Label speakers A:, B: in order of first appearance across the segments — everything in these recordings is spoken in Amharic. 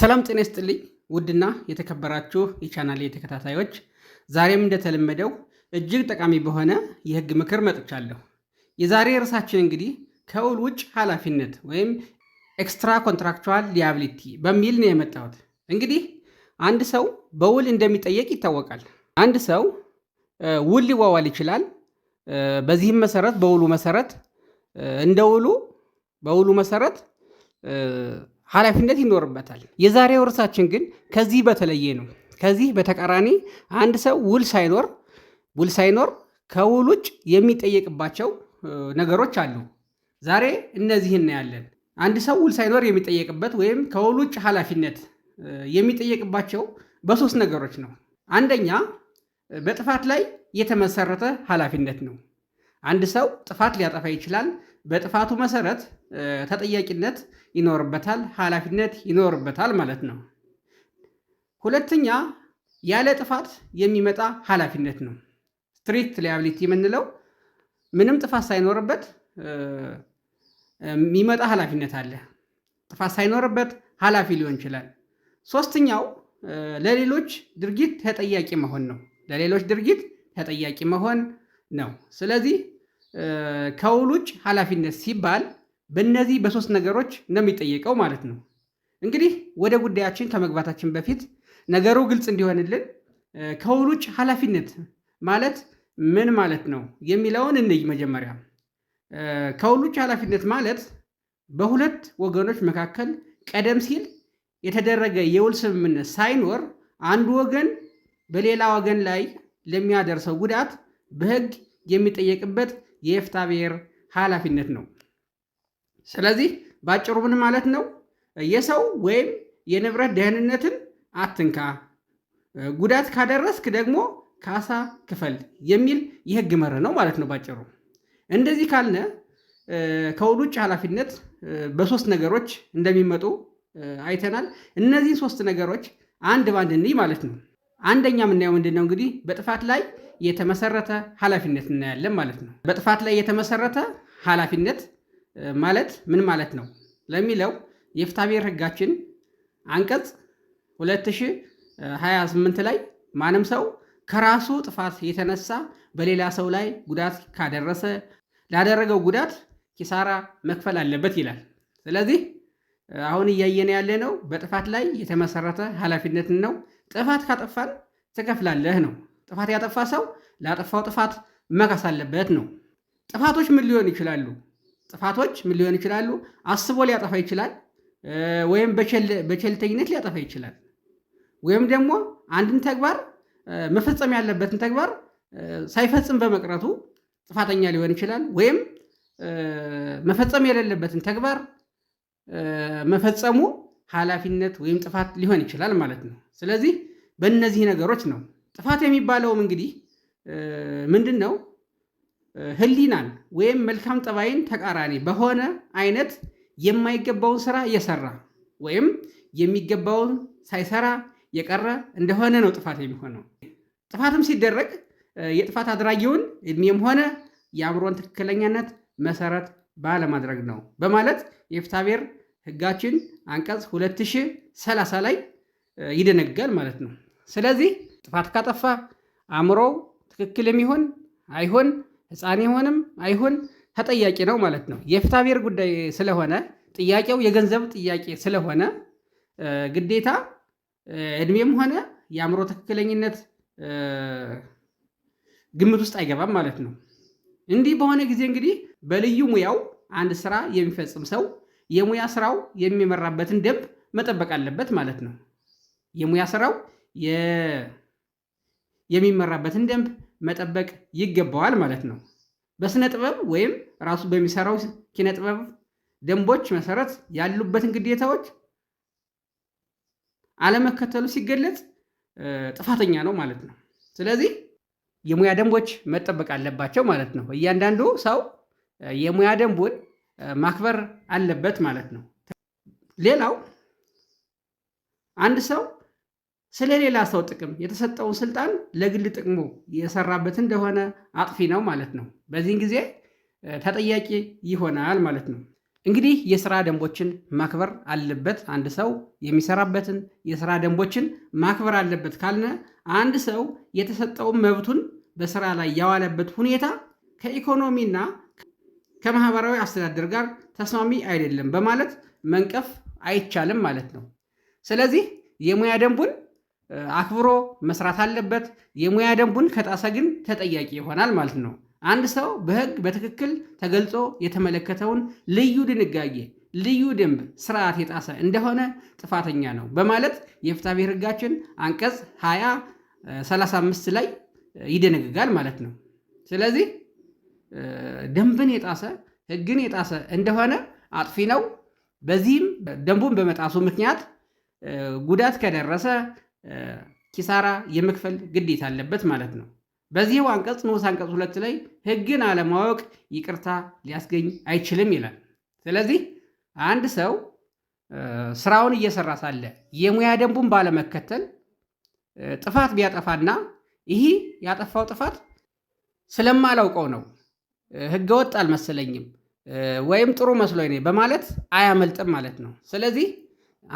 A: ሰላም ጤና ይስጥልኝ። ውድና የተከበራችሁ የቻናሌ ተከታታዮች ዛሬም እንደተለመደው እጅግ ጠቃሚ በሆነ የህግ ምክር መጥቻለሁ። የዛሬ ርዕሳችን እንግዲህ ከውል ውጭ ኃላፊነት ወይም ኤክስትራ ኮንትራክቹዋል ሊያብሊቲ በሚል ነው የመጣሁት። እንግዲህ አንድ ሰው በውል እንደሚጠየቅ ይታወቃል። አንድ ሰው ውል ሊዋዋል ይችላል። በዚህም መሰረት በውሉ መሰረት እንደ ውሉ በውሉ መሰረት ኃላፊነት ይኖርበታል። የዛሬው ርዕሳችን ግን ከዚህ በተለየ ነው። ከዚህ በተቃራኒ አንድ ሰው ውል ሳይኖር ውል ሳይኖር ከውል ውጭ የሚጠየቅባቸው ነገሮች አሉ። ዛሬ እነዚህ እናያለን። አንድ ሰው ውል ሳይኖር የሚጠየቅበት ወይም ከውል ውጭ ኃላፊነት የሚጠየቅባቸው በሶስት ነገሮች ነው። አንደኛ በጥፋት ላይ የተመሰረተ ኃላፊነት ነው። አንድ ሰው ጥፋት ሊያጠፋ ይችላል። በጥፋቱ መሰረት ተጠያቂነት ይኖርበታል፣ ኃላፊነት ይኖርበታል ማለት ነው። ሁለተኛ ያለ ጥፋት የሚመጣ ኃላፊነት ነው። ስትሪክት ሊያብሊቲ የምንለው ምንም ጥፋት ሳይኖርበት የሚመጣ ኃላፊነት አለ። ጥፋት ሳይኖርበት ኃላፊ ሊሆን ይችላል። ሶስተኛው ለሌሎች ድርጊት ተጠያቂ መሆን ነው። ለሌሎች ድርጊት ተጠያቂ መሆን ነው። ስለዚህ ከውል ውጭ ኃላፊነት ሲባል በእነዚህ በሶስት ነገሮች ነው የሚጠየቀው ማለት ነው። እንግዲህ ወደ ጉዳያችን ከመግባታችን በፊት ነገሩ ግልጽ እንዲሆንልን ከውል ውጭ ኃላፊነት ማለት ምን ማለት ነው የሚለውን እንይ። መጀመሪያ ከውል ውጭ ኃላፊነት ማለት በሁለት ወገኖች መካከል ቀደም ሲል የተደረገ የውል ስምምነት ሳይኖር አንዱ ወገን በሌላ ወገን ላይ ለሚያደርሰው ጉዳት በሕግ የሚጠየቅበት የኤፍታ ብሔር ኃላፊነት ነው። ስለዚህ ባጭሩ ምን ማለት ነው? የሰው ወይም የንብረት ደህንነትን አትንካ፣ ጉዳት ካደረስክ ደግሞ ካሳ ክፈል የሚል የህግ መርህ ነው ማለት ነው ባጭሩ። እንደዚህ ካልነ ከውል ውጭ ኃላፊነት በሶስት ነገሮች እንደሚመጡ አይተናል። እነዚህን ሶስት ነገሮች አንድ ባንድ እንይ ማለት ነው። አንደኛ የምናየው ምንድን ነው እንግዲህ በጥፋት ላይ የተመሰረተ ኃላፊነት እናያለን ማለት ነው። በጥፋት ላይ የተመሰረተ ኃላፊነት ማለት ምን ማለት ነው ለሚለው የፍትሐብሔር ሕጋችን አንቀጽ 2028 ላይ ማንም ሰው ከራሱ ጥፋት የተነሳ በሌላ ሰው ላይ ጉዳት ካደረሰ ላደረገው ጉዳት ኪሳራ መክፈል አለበት ይላል። ስለዚህ አሁን እያየን ያለ ነው በጥፋት ላይ የተመሰረተ ኃላፊነትን ነው። ጥፋት ካጠፋን ትከፍላለህ ነው። ጥፋት ያጠፋ ሰው ላጠፋው ጥፋት መካስ አለበት ነው። ጥፋቶች ምን ሊሆን ይችላሉ? ጥፋቶች ምን ሊሆን ይችላሉ? አስቦ ሊያጠፋ ይችላል፣ ወይም በቸልተኝነት ሊያጠፋ ይችላል፣ ወይም ደግሞ አንድን ተግባር መፈጸም ያለበትን ተግባር ሳይፈጽም በመቅረቱ ጥፋተኛ ሊሆን ይችላል፣ ወይም መፈጸም የሌለበትን ተግባር መፈጸሙ ኃላፊነት ወይም ጥፋት ሊሆን ይችላል ማለት ነው። ስለዚህ በእነዚህ ነገሮች ነው ጥፋት የሚባለውም እንግዲህ ምንድን ነው? ህሊናን ወይም መልካም ጠባይን ተቃራኒ በሆነ አይነት የማይገባውን ስራ እየሰራ ወይም የሚገባውን ሳይሰራ የቀረ እንደሆነ ነው ጥፋት የሚሆነው። ጥፋትም ሲደረግ የጥፋት አድራጊውን እድሜም ሆነ የአእምሮን ትክክለኛነት መሰረት ባለማድረግ ነው በማለት የፍትሐብሔር ህጋችን አንቀጽ 2030 ላይ ይደነግጋል ማለት ነው። ስለዚህ ጥፋት ካጠፋ አእምሮው ትክክል የሚሆን አይሆን ህፃን የሆንም አይሆን ተጠያቂ ነው ማለት ነው። የፍትሐብሔር ጉዳይ ስለሆነ ጥያቄው የገንዘብ ጥያቄ ስለሆነ ግዴታ እድሜም ሆነ የአእምሮ ትክክለኝነት ግምት ውስጥ አይገባም ማለት ነው። እንዲህ በሆነ ጊዜ እንግዲህ በልዩ ሙያው አንድ ስራ የሚፈጽም ሰው የሙያ ስራው የሚመራበትን ደንብ መጠበቅ አለበት ማለት ነው። የሙያ ስራው የሚመራበትን ደንብ መጠበቅ ይገባዋል ማለት ነው። በስነ ጥበብ ወይም ራሱ በሚሰራው ኪነ ጥበብ ደንቦች መሰረት ያሉበትን ግዴታዎች አለመከተሉ ሲገለጽ ጥፋተኛ ነው ማለት ነው። ስለዚህ የሙያ ደንቦች መጠበቅ አለባቸው ማለት ነው። እያንዳንዱ ሰው የሙያ ደንቡን ማክበር አለበት ማለት ነው። ሌላው አንድ ሰው ስለሌላ ሰው ጥቅም የተሰጠውን ስልጣን ለግል ጥቅሙ የሰራበት እንደሆነ አጥፊ ነው ማለት ነው። በዚህን ጊዜ ተጠያቂ ይሆናል ማለት ነው። እንግዲህ የስራ ደንቦችን ማክበር አለበት። አንድ ሰው የሚሰራበትን የስራ ደንቦችን ማክበር አለበት ካልነ አንድ ሰው የተሰጠውን መብቱን በስራ ላይ ያዋለበት ሁኔታ ከኢኮኖሚና ከማህበራዊ አስተዳደር ጋር ተስማሚ አይደለም በማለት መንቀፍ አይቻልም ማለት ነው። ስለዚህ የሙያ ደንቡን አክብሮ መስራት አለበት። የሙያ ደንቡን ከጣሰ ግን ተጠያቂ ይሆናል ማለት ነው። አንድ ሰው በህግ በትክክል ተገልጾ የተመለከተውን ልዩ ድንጋጌ፣ ልዩ ደንብ፣ ስርዓት የጣሰ እንደሆነ ጥፋተኛ ነው በማለት የፍትሐብሔር ህጋችን አንቀጽ 20 35 ላይ ይደነግጋል ማለት ነው። ስለዚህ ደንብን የጣሰ ህግን የጣሰ እንደሆነ አጥፊ ነው። በዚህም ደንቡን በመጣሱ ምክንያት ጉዳት ከደረሰ ኪሳራ የመክፈል ግዴታ አለበት ማለት ነው። በዚህው አንቀጽ ንዑስ አንቀጽ ሁለት ላይ ህግን አለማወቅ ይቅርታ ሊያስገኝ አይችልም ይላል። ስለዚህ አንድ ሰው ስራውን እየሰራ ሳለ የሙያ ደንቡን ባለመከተል ጥፋት ቢያጠፋና ይህ ያጠፋው ጥፋት ስለማላውቀው ነው ወጥ አልመሰለኝም ወይም ጥሩ መስሎኝ በማለት አያመልጥም ማለት ነው። ስለዚህ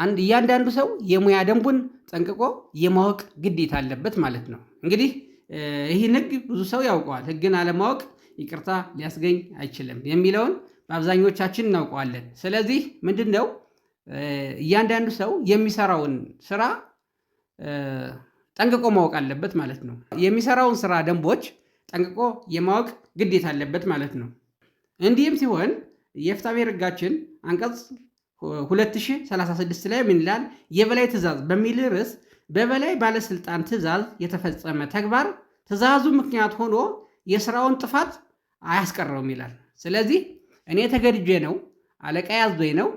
A: አንድ እያንዳንዱ ሰው የሙያ ደንቡን ጠንቅቆ የማወቅ ግዴታ አለበት ማለት ነው። እንግዲህ ይህን ህግ ብዙ ሰው ያውቀዋል። ህግን አለማወቅ ይቅርታ ሊያስገኝ አይችልም የሚለውን በአብዛኞቻችን እናውቀዋለን። ስለዚህ ምንድን ነው እያንዳንዱ ሰው የሚሰራውን ስራ ጠንቅቆ ማወቅ አለበት ማለት ነው። የሚሰራውን ስራ ደንቦች ጠንቅቆ የማወቅ ግዴታ አለበት ማለት ነው። እንዲህም ሲሆን የፍትሐብሔር ህጋችን አንቀጽ 2036 ላይ ምን ይላል? የበላይ ትእዛዝ በሚል ርዕስ በበላይ ባለስልጣን ትእዛዝ የተፈጸመ ተግባር ትእዛዙ ምክንያት ሆኖ የስራውን ጥፋት አያስቀረውም ይላል። ስለዚህ እኔ ተገድጄ ነው አለቃ ያዞኝ ነው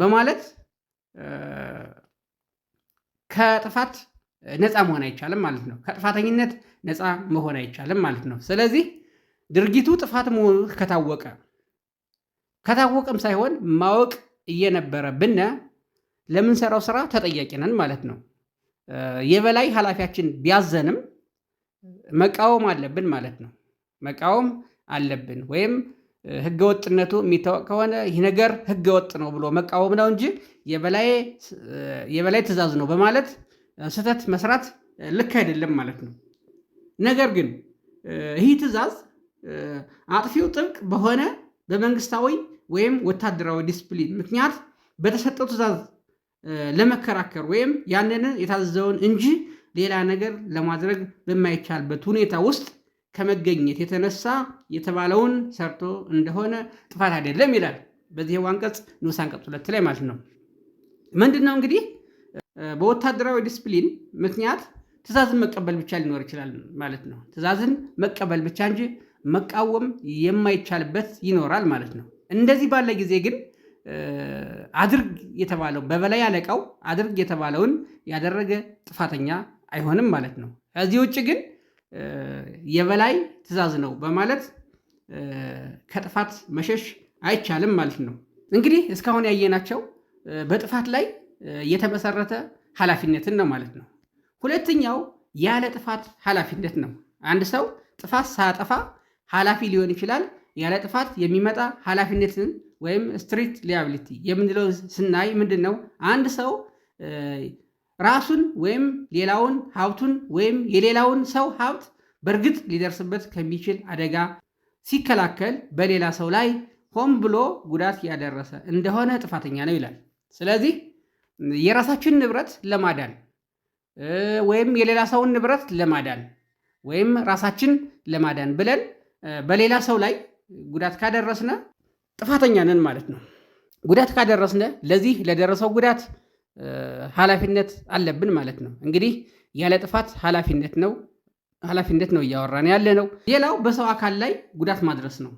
A: በማለት ከጥፋት ነፃ መሆን አይቻልም ማለት ነው። ከጥፋተኝነት ነፃ መሆን አይቻልም ማለት ነው። ስለዚህ ድርጊቱ ጥፋት መሆኑ ከታወቀ ከታወቀም ሳይሆን ማወቅ እየነበረ ብነ ለምንሰራው ስራ ተጠያቂ ነን ማለት ነው። የበላይ ኃላፊያችን ቢያዘንም መቃወም አለብን ማለት ነው። መቃወም አለብን ወይም ህገወጥነቱ የሚታወቅ ከሆነ ይህ ነገር ህገወጥ ነው ብሎ መቃወም ነው እንጂ የበላይ ትዕዛዝ ነው በማለት ስህተት መስራት ልክ አይደለም ማለት ነው። ነገር ግን ይህ ትዕዛዝ አጥፊው ጥብቅ በሆነ በመንግስታዊ ወይም ወታደራዊ ዲስፕሊን ምክንያት በተሰጠው ትእዛዝ ለመከራከር ወይም ያንን የታዘዘውን እንጂ ሌላ ነገር ለማድረግ በማይቻልበት ሁኔታ ውስጥ ከመገኘት የተነሳ የተባለውን ሰርቶ እንደሆነ ጥፋት አይደለም ይላል። በዚህ አንቀጽ ንዑስ አንቀጽ ሁለት ላይ ማለት ነው። ምንድን ነው እንግዲህ በወታደራዊ ዲስፕሊን ምክንያት ትእዛዝን መቀበል ብቻ ሊኖር ይችላል ማለት ነው። ትእዛዝን መቀበል ብቻ እንጂ መቃወም የማይቻልበት ይኖራል ማለት ነው። እንደዚህ ባለ ጊዜ ግን አድርግ የተባለው በበላይ አለቃው አድርግ የተባለውን ያደረገ ጥፋተኛ አይሆንም ማለት ነው። ከዚህ ውጭ ግን የበላይ ትዕዛዝ ነው በማለት ከጥፋት መሸሽ አይቻልም ማለት ነው። እንግዲህ እስካሁን ያየናቸው በጥፋት ላይ የተመሰረተ ኃላፊነትን ነው ማለት ነው። ሁለተኛው ያለ ጥፋት ኃላፊነት ነው። አንድ ሰው ጥፋት ሳያጠፋ ኃላፊ ሊሆን ይችላል። ያለ ጥፋት የሚመጣ ኃላፊነትን ወይም ስትሪክት ሊያብሊቲ የምንለው ስናይ ምንድን ነው? አንድ ሰው ራሱን ወይም ሌላውን ሀብቱን ወይም የሌላውን ሰው ሀብት በእርግጥ ሊደርስበት ከሚችል አደጋ ሲከላከል በሌላ ሰው ላይ ሆን ብሎ ጉዳት ያደረሰ እንደሆነ ጥፋተኛ ነው ይላል። ስለዚህ የራሳችን ንብረት ለማዳን ወይም የሌላ ሰውን ንብረት ለማዳን ወይም ራሳችን ለማዳን ብለን በሌላ ሰው ላይ ጉዳት ካደረስነ ጥፋተኛ ነን ማለት ነው። ጉዳት ካደረስነ ለዚህ ለደረሰው ጉዳት ኃላፊነት አለብን ማለት ነው። እንግዲህ ያለ ጥፋት ኃላፊነት ነው ኃላፊነት ነው እያወራን ያለ ነው። ሌላው በሰው አካል ላይ ጉዳት ማድረስ ነው።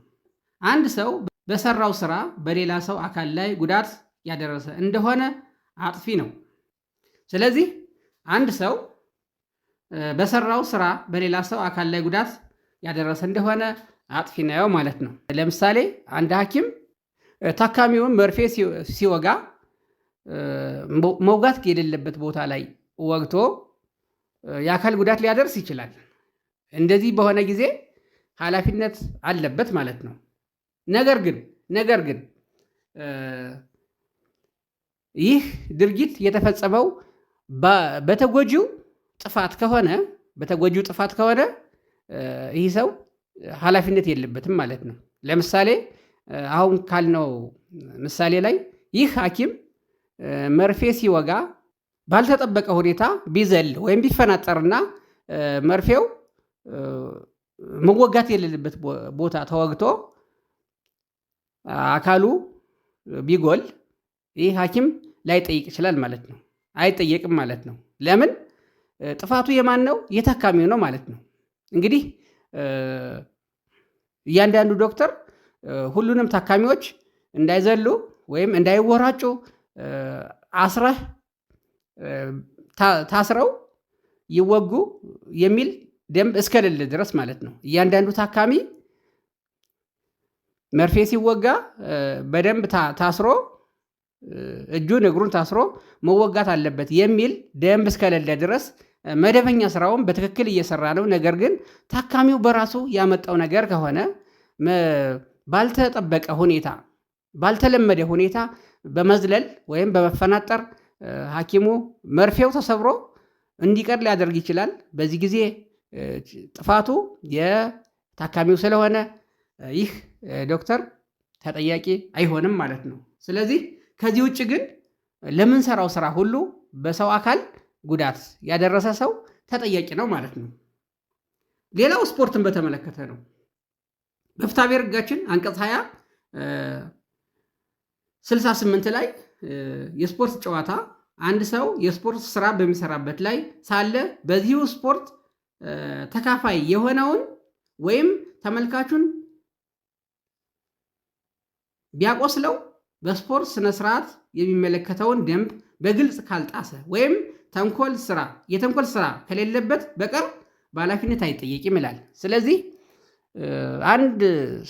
A: አንድ ሰው በሰራው ስራ በሌላ ሰው አካል ላይ ጉዳት ያደረሰ እንደሆነ አጥፊ ነው። ስለዚህ አንድ ሰው በሰራው ስራ በሌላ ሰው አካል ላይ ጉዳት ያደረሰ እንደሆነ አጥፊ ነው ማለት ነው። ለምሳሌ አንድ ሐኪም ታካሚውን መርፌ ሲወጋ መውጋት የሌለበት ቦታ ላይ ወግቶ የአካል ጉዳት ሊያደርስ ይችላል። እንደዚህ በሆነ ጊዜ ኃላፊነት አለበት ማለት ነው። ነገር ግን ነገር ግን ይህ ድርጊት የተፈጸመው በተጎጂው ጥፋት ከሆነ በተጎጂው ጥፋት ከሆነ ይህ ሰው ኃላፊነት የለበትም ማለት ነው። ለምሳሌ አሁን ካልነው ምሳሌ ላይ ይህ ሐኪም መርፌ ሲወጋ ባልተጠበቀ ሁኔታ ቢዘል ወይም ቢፈናጠርና መርፌው መወጋት የሌለበት ቦታ ተወግቶ አካሉ ቢጎል ይህ ሐኪም ላይጠይቅ ይችላል ማለት ነው። አይጠየቅም ማለት ነው። ለምን? ጥፋቱ የማን ነው? የታካሚው ነው ማለት ነው። እንግዲህ እያንዳንዱ ዶክተር ሁሉንም ታካሚዎች እንዳይዘሉ ወይም እንዳይወራጩ አስረህ ታስረው ይወጉ የሚል ደንብ እስከልል ድረስ ማለት ነው። እያንዳንዱ ታካሚ መርፌ ሲወጋ በደንብ ታስሮ እጁን እግሩን ታስሮ መወጋት አለበት የሚል ደንብ እስከሌለ ድረስ መደበኛ ስራውን በትክክል እየሰራ ነው። ነገር ግን ታካሚው በራሱ ያመጣው ነገር ከሆነ ባልተጠበቀ ሁኔታ፣ ባልተለመደ ሁኔታ በመዝለል ወይም በመፈናጠር ሐኪሙ መርፌው ተሰብሮ እንዲቀር ሊያደርግ ይችላል። በዚህ ጊዜ ጥፋቱ የታካሚው ስለሆነ ይህ ዶክተር ተጠያቂ አይሆንም ማለት ነው። ስለዚህ ከዚህ ውጭ ግን ለምንሰራው ስራ ሁሉ በሰው አካል ጉዳት ያደረሰ ሰው ተጠያቂ ነው ማለት ነው። ሌላው ስፖርትን በተመለከተ ነው። ብሔር ሕጋችን አንቀጽ 20 68 ላይ የስፖርት ጨዋታ አንድ ሰው የስፖርት ስራ በሚሰራበት ላይ ሳለ በዚሁ ስፖርት ተካፋይ የሆነውን ወይም ተመልካቹን ቢያቆስለው በስፖርት ስነ ስርዓት የሚመለከተውን ደንብ በግልጽ ካልጣሰ ወይም ተንኮል ስራ የተንኮል ስራ ከሌለበት በቀር በኃላፊነት አይጠየቅም ይላል። ስለዚህ አንድ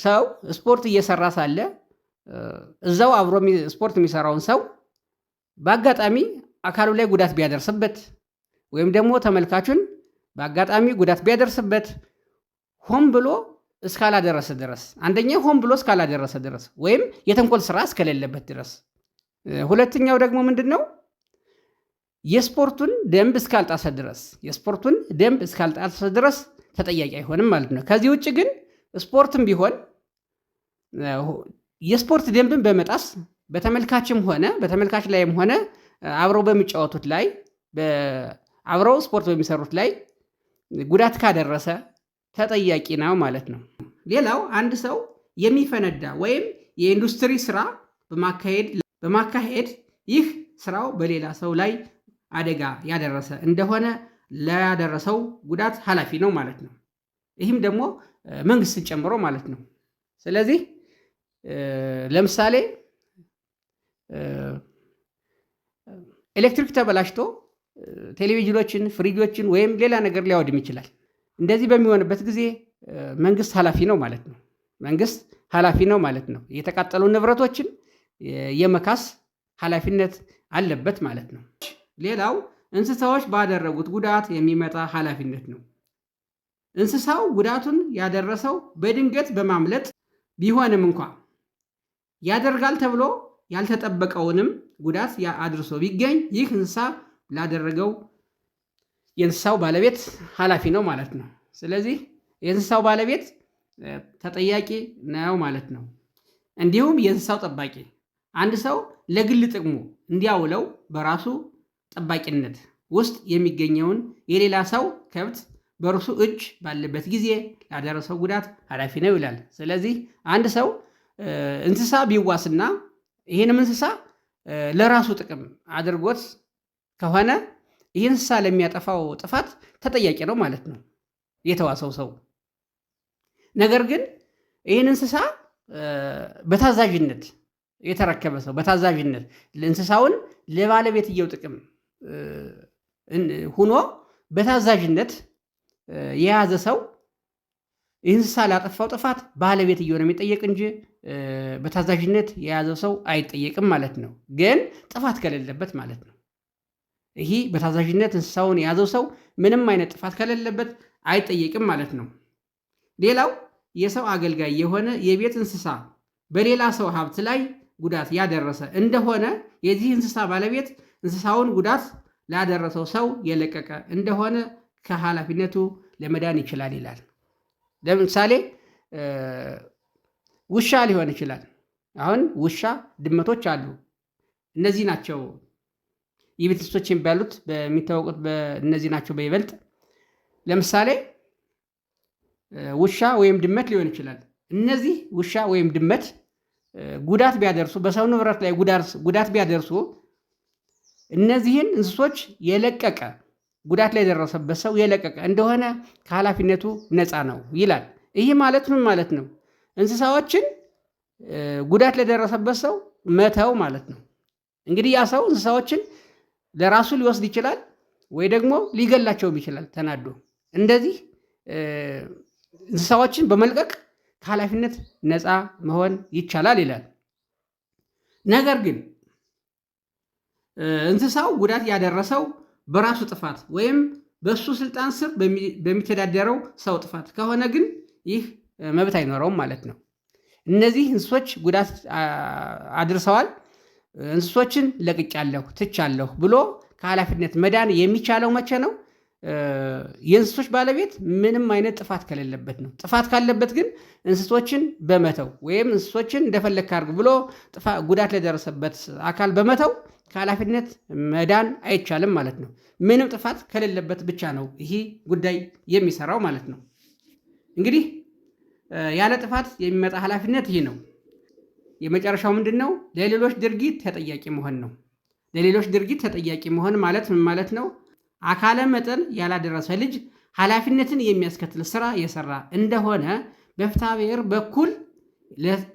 A: ሰው ስፖርት እየሰራ ሳለ እዛው አብሮ ስፖርት የሚሰራውን ሰው በአጋጣሚ አካሉ ላይ ጉዳት ቢያደርስበት ወይም ደግሞ ተመልካቹን በአጋጣሚ ጉዳት ቢያደርስበት ሆን ብሎ እስካላደረሰ ድረስ አንደኛ ሆን ብሎ እስካላደረሰ ድረስ ወይም የተንኮል ስራ እስከሌለበት ድረስ፣ ሁለተኛው ደግሞ ምንድን ነው የስፖርቱን ደንብ እስካልጣሰ ድረስ የስፖርቱን ደንብ እስካልጣሰ ድረስ ተጠያቂ አይሆንም ማለት ነው። ከዚህ ውጭ ግን ስፖርትም ቢሆን የስፖርት ደንብን በመጣስ በተመልካችም ሆነ በተመልካች ላይም ሆነ አብረው በሚጫወቱት ላይ አብረው ስፖርት በሚሰሩት ላይ ጉዳት ካደረሰ ተጠያቂ ነው ማለት ነው። ሌላው አንድ ሰው የሚፈነዳ ወይም የኢንዱስትሪ ስራ በማካሄድ ይህ ስራው በሌላ ሰው ላይ አደጋ ያደረሰ እንደሆነ ለያደረሰው ጉዳት ኃላፊ ነው ማለት ነው። ይህም ደግሞ መንግስትን ጨምሮ ማለት ነው። ስለዚህ ለምሳሌ ኤሌክትሪክ ተበላሽቶ ቴሌቪዥኖችን፣ ፍሪጆችን ወይም ሌላ ነገር ሊያወድም ይችላል። እንደዚህ በሚሆንበት ጊዜ መንግስት ኃላፊ ነው ማለት ነው። መንግስት ኃላፊ ነው ማለት ነው። የተቃጠሉ ንብረቶችን የመካስ ኃላፊነት አለበት ማለት ነው። ሌላው እንስሳዎች ባደረጉት ጉዳት የሚመጣ ኃላፊነት ነው። እንስሳው ጉዳቱን ያደረሰው በድንገት በማምለጥ ቢሆንም እንኳ ያደርጋል ተብሎ ያልተጠበቀውንም ጉዳት አድርሶ ቢገኝ ይህ እንስሳ ላደረገው የእንስሳው ባለቤት ኃላፊ ነው ማለት ነው። ስለዚህ የእንስሳው ባለቤት ተጠያቂ ነው ማለት ነው። እንዲሁም የእንስሳው ጠባቂ አንድ ሰው ለግል ጥቅሙ እንዲያውለው በራሱ ጠባቂነት ውስጥ የሚገኘውን የሌላ ሰው ከብት በእርሱ እጅ ባለበት ጊዜ ላደረሰው ጉዳት ኃላፊ ነው ይላል። ስለዚህ አንድ ሰው እንስሳ ቢዋስና ይህንም እንስሳ ለራሱ ጥቅም አድርጎት ከሆነ ይህ እንስሳ ለሚያጠፋው ጥፋት ተጠያቂ ነው ማለት ነው የተዋሰው ሰው። ነገር ግን ይህን እንስሳ በታዛዥነት የተረከበ ሰው በታዛዥነት እንስሳውን ለባለቤትየው ጥቅም ሁኖ በታዛዥነት የያዘ ሰው ይህ እንስሳ ላጠፋው ጥፋት ባለቤትየው ነው የሚጠየቅ እንጂ በታዛዥነት የያዘው ሰው አይጠየቅም ማለት ነው። ግን ጥፋት ከሌለበት ማለት ነው። ይህ በታዛዥነት እንስሳውን የያዘው ሰው ምንም አይነት ጥፋት ከሌለበት አይጠየቅም ማለት ነው። ሌላው የሰው አገልጋይ የሆነ የቤት እንስሳ በሌላ ሰው ሀብት ላይ ጉዳት ያደረሰ እንደሆነ የዚህ እንስሳ ባለቤት እንስሳውን ጉዳት ላደረሰው ሰው የለቀቀ እንደሆነ ከኃላፊነቱ ለመዳን ይችላል ይላል። ለምሳሌ ውሻ ሊሆን ይችላል። አሁን ውሻ ድመቶች አሉ። እነዚህ ናቸው የቤት እንስሶች የሚባሉት በሚታወቁት እነዚህ ናቸው በይበልጥ። ለምሳሌ ውሻ ወይም ድመት ሊሆን ይችላል። እነዚህ ውሻ ወይም ድመት ጉዳት ቢያደርሱ፣ በሰው ንብረት ላይ ጉዳት ቢያደርሱ እነዚህን እንስሶች የለቀቀ ጉዳት ላይ የደረሰበት ሰው የለቀቀ እንደሆነ ከኃላፊነቱ ነፃ ነው ይላል። ይህ ማለት ምን ማለት ነው? እንስሳዎችን ጉዳት ለደረሰበት ሰው መተው ማለት ነው። እንግዲህ ያ ሰው እንስሳዎችን ለራሱ ሊወስድ ይችላል ወይ ደግሞ ሊገላቸውም ይችላል ተናዶ። እንደዚህ እንስሳዎችን በመልቀቅ ከኃላፊነት ነፃ መሆን ይቻላል ይላል። ነገር ግን እንስሳው ጉዳት ያደረሰው በራሱ ጥፋት ወይም በእሱ ስልጣን ስር በሚተዳደረው ሰው ጥፋት ከሆነ ግን ይህ መብት አይኖረውም ማለት ነው። እነዚህ እንስሶች ጉዳት አድርሰዋል እንስሶችን ለቅጫለሁ ትቻለሁ ብሎ ከኃላፊነት መዳን የሚቻለው መቼ ነው? የእንስሶች ባለቤት ምንም አይነት ጥፋት ከሌለበት ነው። ጥፋት ካለበት ግን እንስሶችን በመተው ወይም እንስሶችን እንደፈለግ ካርግ ብሎ ጉዳት ለደረሰበት አካል በመተው ከኃላፊነት መዳን አይቻልም ማለት ነው። ምንም ጥፋት ከሌለበት ብቻ ነው ይህ ጉዳይ የሚሰራው ማለት ነው። እንግዲህ ያለ ጥፋት የሚመጣ ኃላፊነት ይህ ነው። የመጨረሻው ምንድን ነው? ለሌሎች ድርጊት ተጠያቂ መሆን ነው። ለሌሎች ድርጊት ተጠያቂ መሆን ማለት ምን ማለት ነው? አካለ መጠን ያላደረሰ ልጅ ኃላፊነትን የሚያስከትል ስራ የሰራ እንደሆነ በፍትሐ ብሔር በኩል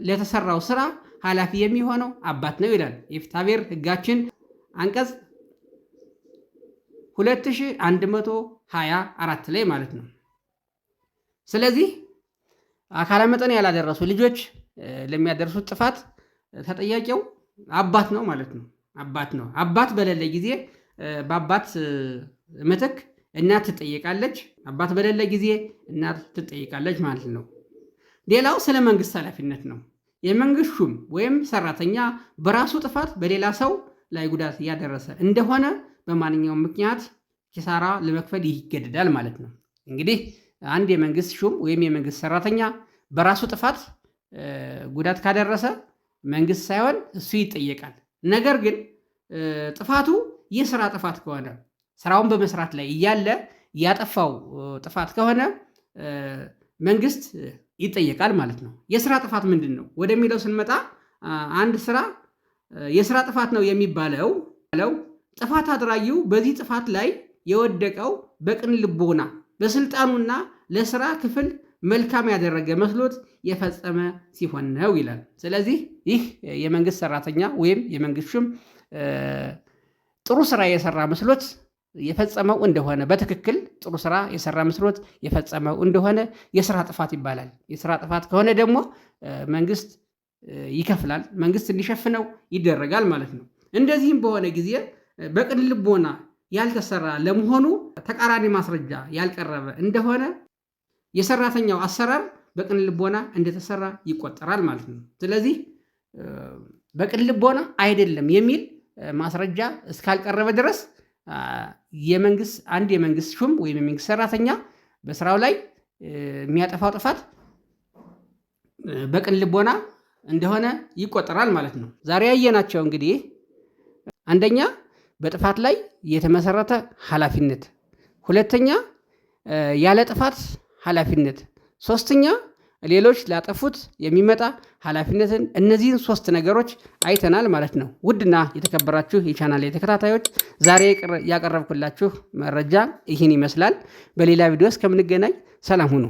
A: ለተሰራው ስራ ኃላፊ የሚሆነው አባት ነው ይላል የፍትሐ ብሔር ህጋችን አንቀጽ 2124 ላይ ማለት ነው። ስለዚህ አካለ መጠን ያላደረሱ ልጆች ለሚያደርሱት ጥፋት ተጠያቂው አባት ነው ማለት ነው። አባት ነው። አባት በሌለ ጊዜ በአባት ምትክ እናት ትጠይቃለች። አባት በሌለ ጊዜ እናት ትጠይቃለች ማለት ነው። ሌላው ስለ መንግስት ኃላፊነት ነው። የመንግስት ሹም ወይም ሰራተኛ በራሱ ጥፋት በሌላ ሰው ላይ ጉዳት እያደረሰ እንደሆነ በማንኛውም ምክንያት ኪሳራ ለመክፈል ይገደዳል ማለት ነው። እንግዲህ አንድ የመንግስት ሹም ወይም የመንግስት ሰራተኛ በራሱ ጥፋት ጉዳት ካደረሰ መንግስት ሳይሆን እሱ ይጠየቃል። ነገር ግን ጥፋቱ የስራ ጥፋት ከሆነ ስራውን በመስራት ላይ እያለ ያጠፋው ጥፋት ከሆነ መንግስት ይጠየቃል ማለት ነው። የስራ ጥፋት ምንድን ነው ወደሚለው ስንመጣ አንድ ስራ የስራ ጥፋት ነው የሚባለው ጥፋት አድራጊው በዚህ ጥፋት ላይ የወደቀው በቅን ልቦና በስልጣኑና ለስራ ክፍል መልካም ያደረገ መስሎት የፈጸመ ሲሆን ነው ይላል። ስለዚህ ይህ የመንግስት ሰራተኛ ወይም የመንግስት ሹም ጥሩ ስራ የሰራ መስሎት የፈጸመው እንደሆነ በትክክል ጥሩ ስራ የሰራ መስሎት የፈጸመው እንደሆነ የስራ ጥፋት ይባላል። የስራ ጥፋት ከሆነ ደግሞ መንግስት ይከፍላል፣ መንግስት እንዲሸፍነው ይደረጋል ማለት ነው። እንደዚህም በሆነ ጊዜ በቅን ልቦና ያልተሰራ ለመሆኑ ተቃራኒ ማስረጃ ያልቀረበ እንደሆነ የሰራተኛው አሰራር በቅን ልቦና እንደተሰራ ይቆጠራል ማለት ነው። ስለዚህ በቅን ልቦና አይደለም የሚል ማስረጃ እስካልቀረበ ድረስ የመንግስት አንድ የመንግስት ሹም ወይም የመንግስት ሰራተኛ በስራው ላይ የሚያጠፋው ጥፋት በቅን ልቦና እንደሆነ ይቆጠራል ማለት ነው። ዛሬ ያየናቸው እንግዲህ አንደኛ በጥፋት ላይ የተመሰረተ ኃላፊነት፣ ሁለተኛ ያለ ጥፋት ኃላፊነት፣ ሶስተኛ ሌሎች ላጠፉት የሚመጣ ኃላፊነትን። እነዚህን ሶስት ነገሮች አይተናል ማለት ነው። ውድና የተከበራችሁ የቻናል የተከታታዮች ዛሬ ያቀረብኩላችሁ መረጃ ይህን ይመስላል። በሌላ ቪዲዮ እስከምንገናኝ ሰላም ሁኑ።